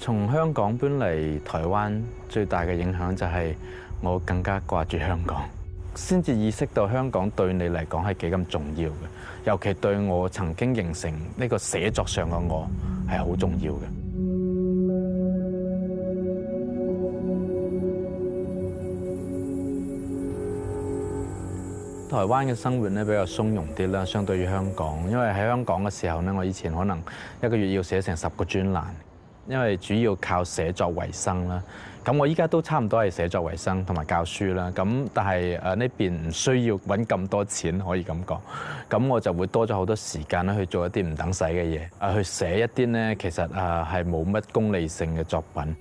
從香港搬嚟台灣，最大嘅影響就係我更加掛住香港，先至意識到香港對你嚟講係幾咁重要嘅。尤其對我曾經形成呢個寫作上嘅我係好重要嘅。台灣嘅生活呢，比較鬆容啲啦，相對於香港，因為喺香港嘅時候呢，我以前可能一個月要寫成十個專欄。因為主要靠寫作為生啦，咁我依家都差唔多係寫作為生同埋教書啦，咁但係誒呢邊唔需要揾咁多錢可以咁講，咁我就會多咗好多時間咧去做一啲唔等使嘅嘢，啊去寫一啲呢，其實誒係冇乜功利性嘅作品。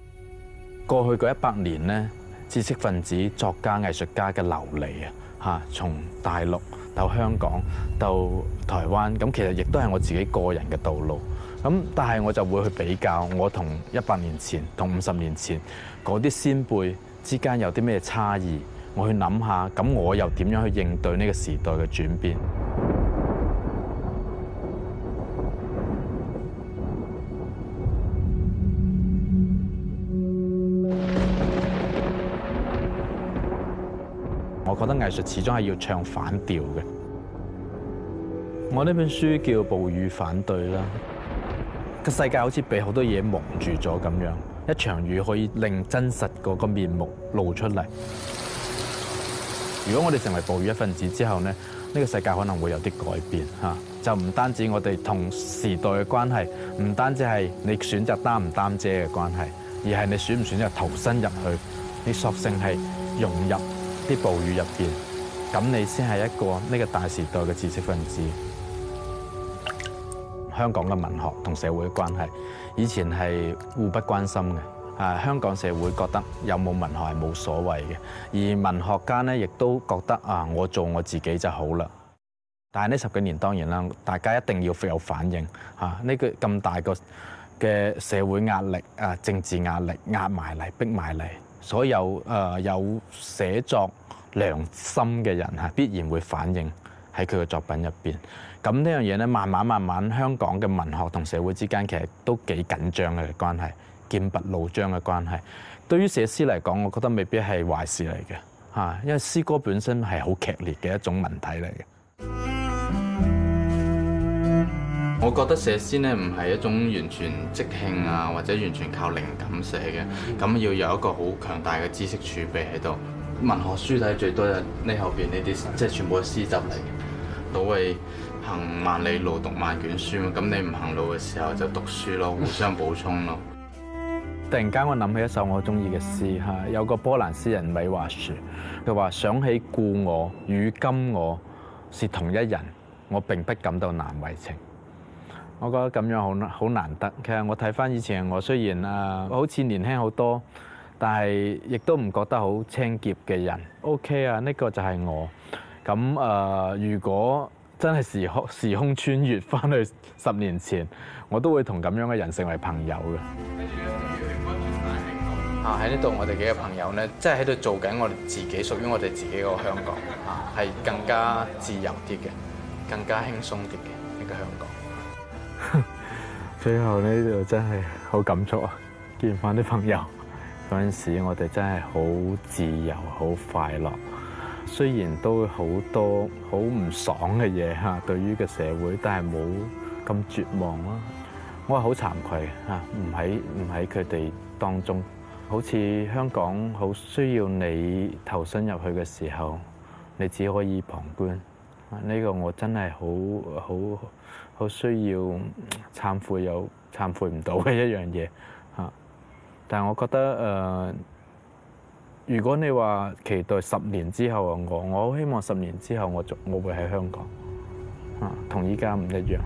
過去嗰一百年呢，知識分子、作家、藝術家嘅流離啊，嚇，從大陸到香港到台灣，咁其實亦都係我自己個人嘅道路。咁但係我就會去比較我同一百年前同五十年前嗰啲先輩之間有啲咩差異，我去諗下，咁我又點樣去應對呢個時代嘅轉變？我覺得藝術始終係要唱反調嘅。我呢本書叫《暴雨反對》啦。世界好似被好多嘢蒙住咗咁樣，一場雨可以令真實嗰個面目露出嚟。如果我哋成為暴雨一份子之後，呢呢個世界可能會有啲改變，吓，就唔單止我哋同時代嘅關係，唔單止係你選擇擔唔擔遮嘅關係，而係你選唔選擇投身入去，你索性係融入啲暴雨入邊，咁你先係一個呢個大時代嘅知識分子。香港嘅文學同社會嘅關係，以前係互不關心嘅。啊，香港社會覺得有冇文學係冇所謂嘅，而文學家咧亦都覺得啊，我做我自己就好啦。但係呢十幾年當然啦，大家一定要有反應嚇。呢個咁大個嘅社會壓力啊，政治壓力壓埋嚟，逼埋嚟，所有誒有寫作良心嘅人嚇，必然會反應。喺佢嘅作品入邊，咁呢樣嘢咧，慢慢慢慢，香港嘅文學同社會之間其實都幾緊張嘅關係，劍拔弩張嘅關係。對於寫詩嚟講，我覺得未必係壞事嚟嘅嚇，因為詩歌本身係好劇烈嘅一種文體嚟嘅。我覺得寫詩咧唔係一種完全即興啊，或者完全靠靈感寫嘅，咁要有一個好強大嘅知識儲備喺度。文學書睇最多就呢後邊呢啲，即係全部係詩集嚟嘅。都係行萬里路讀萬卷書嘛，咁你唔行路嘅時候就讀書咯，互相補充咯。 突然間我諗起一首我中意嘅詩嚇，有個波蘭詩人米華樹，佢話說他說想起故我與今我是同一人，我並不感到難為情。我覺得咁樣好難好難得。其實我睇翻以前我，雖然啊好似年輕好多，但係亦都唔覺得好清潔嘅人。OK 啊，呢、這個就係我。咁誒、呃，如果真係時空時空穿越翻去十年前，我都會同咁樣嘅人成為朋友嘅。啊，喺呢度我哋幾個朋友咧，即係喺度做緊我哋自己屬於我哋自己的個香港，啊，係更加自由啲嘅，更加輕鬆啲嘅一個香港。最後呢度，真係好感觸啊！見翻啲朋友嗰陣時，我哋真係好自由，好快樂。雖然都好多好唔爽嘅嘢嚇，對於個社會，但係冇咁絕望咯。我係好慚愧嚇，唔喺唔喺佢哋當中，好似香港好需要你投身入去嘅時候，你只可以旁觀。呢個我真係好好好需要懺悔又懺悔唔到嘅一樣嘢嚇。但係我覺得誒，呃如果你話期待十年之後嘅我，我好希望十年之後我仲我會喺香港，啊，同依家唔一樣。